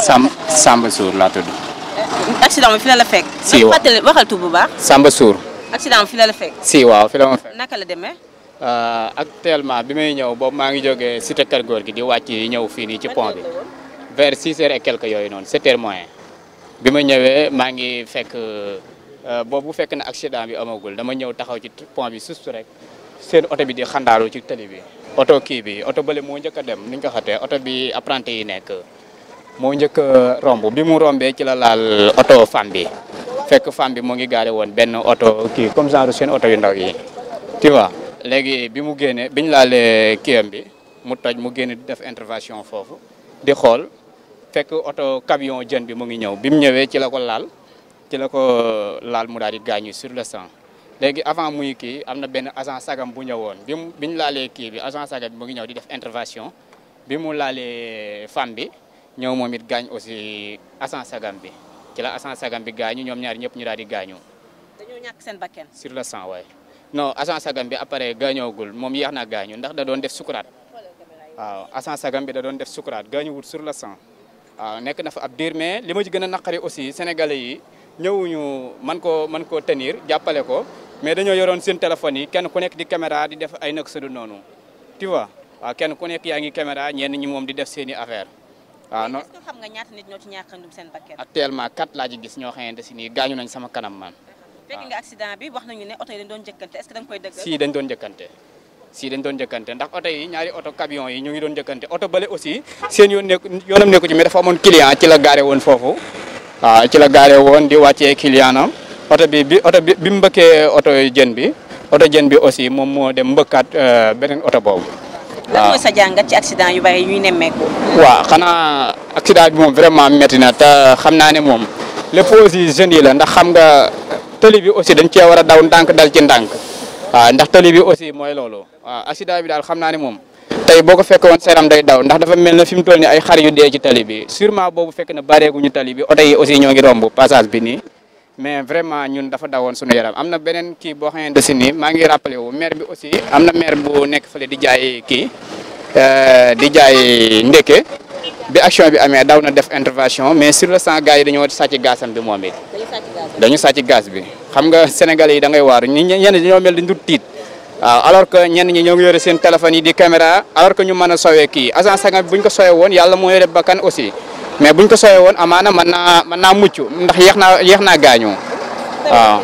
Sam Samba Sour laa tudd. accident fi la la fekk. si waxal tur bu baax. Samba Sour. accident bi fi la la fekk. si waaw fi la ma fekk. naka la demee. Euh, actuellement bi may ñëw boobu maa ngi jógee cité Kër gi di wàcc ñëw fii nii ci pont bi. vers six heures yooyu noonu sept heures moyen. bi ma ñëwee maa ngi fekk. Euh, boobu bu fekk na accident bi amagul dama ñëw taxaw ci pont bi sustu rek seen oto bi di xandaalu ci tali bi oto kii bi oto bële moo njëkk a dem ni ñu ko xatee oto bi apprenti yi nekk moo njëkk romb bi mu rombee ci la laal oto femme bi fekk femme bi moo ngi gaale woon benn oto kii comme genre seen oto yu ndaw yi tu vois léegi bi mu génnee biñ laalee kiyam bi mu toj mu génn di def intervention foofu di xool fekk oto camion jën bi mu ngi ñëw bi mu ñëwee ci la laal ci la ko euh, laal mu daal gaañu sur le sang léegi avant muy kii am na benn agent sagam bu ñëwoon bi mu bi ñu laalee kii bi agent sagam bi mu ngi ñëw di def bi mu laalee femme bi ñëw moom it gaañ aussi agent sagam bi ci la agent sagam bi gaañu ñoom ñaari ñëpp ñu daal di gaañu. dañoo ñàkk sur le sang waaye non agent sagam bi après gaañoogul moom yéex na gaañu ndax da doon def sukuraat waaw agent sagam bi da doon def sukuraat gaañuwul sur le sang waaw nekk na fa mais li ma ci gën a yi. ñëwuñu man koo man koo tenir jàppale ko mais dañoo yoroon seen téléphone yi kenn ku nekk di caméra di def ay nag sëdu noonu tu vois waaw kenn ku nekk yaa ngi caméra ñenn ñi moom di def seen i affaire waaw non xam nga ñaata nit ñoo ci ñàkkandum seen bakkan actuellement kat laa ci gis ñoo xamante si nii gaañu nañ sama kanam man fekk nga accident bi wax nañu ne oto yi dañ doon jëkkante est-ce que ndax oto yi ñaari oto camion yi ñoo ngi doon jëkkante oto bële aussi seen yoon nekk yoonam nekku ci mais dafa amoon client ci la gaare woon foofu waaw ah, ci la gaare woon di wàccee client am oto bi bi oto bi bi mu mbëkkee oto jën bi oto jën bi aussi moom moo dem mbëkkaat eh, beneen oto boobu. lan ah. mooy sa jàngat ci accident yu bari ñuy nemmeeku. waaw xanaa accident bi moom vraiment métti na te xam naa ne moom lépp aussi jeunes yi la ndax xam nga tëli bi aussi dañ cee war a daw ndànk dal ci ndànk waaw ah, ndax tëli bi aussi mooy loolu waaw accident bi daal xam naa ne moom. tey boo ko fekkoon seram day daw ndax dafa mel na fi mu toll ni ay xar yu dee ci tali bi sûrement boobu fekk na bareeguñu tali bi oto yi aussi ñoo ngi romb passage bi nii mais vraiment ñun dafa dawoon suñu yaram am na beneen kii boo xamante si ni maa ngi rappelé wu maire am na maire bu nekk fële di jaay kii euh, di jaay ndeke bi action bi amee daw na def intervention mais sur le sang gars yi dañoo sàcc gaasam bi moom it dañu sàcc gaz bi xam nga sénégalais yi da ngay waaru ñi ñenn dañoo mel di ndut tiit waaw alors que ñenn ñi ñoo ngi yore seen téléphone yi di caméra alors que ñu mën a sowee ki agent sangam bi bu ñu ko sowee woon yàlla moo yore bakkan aussi mais buñ ñu ko woon amaana man naa mën naa mucc ndax yeex naa yéex naa gaañoo waaw.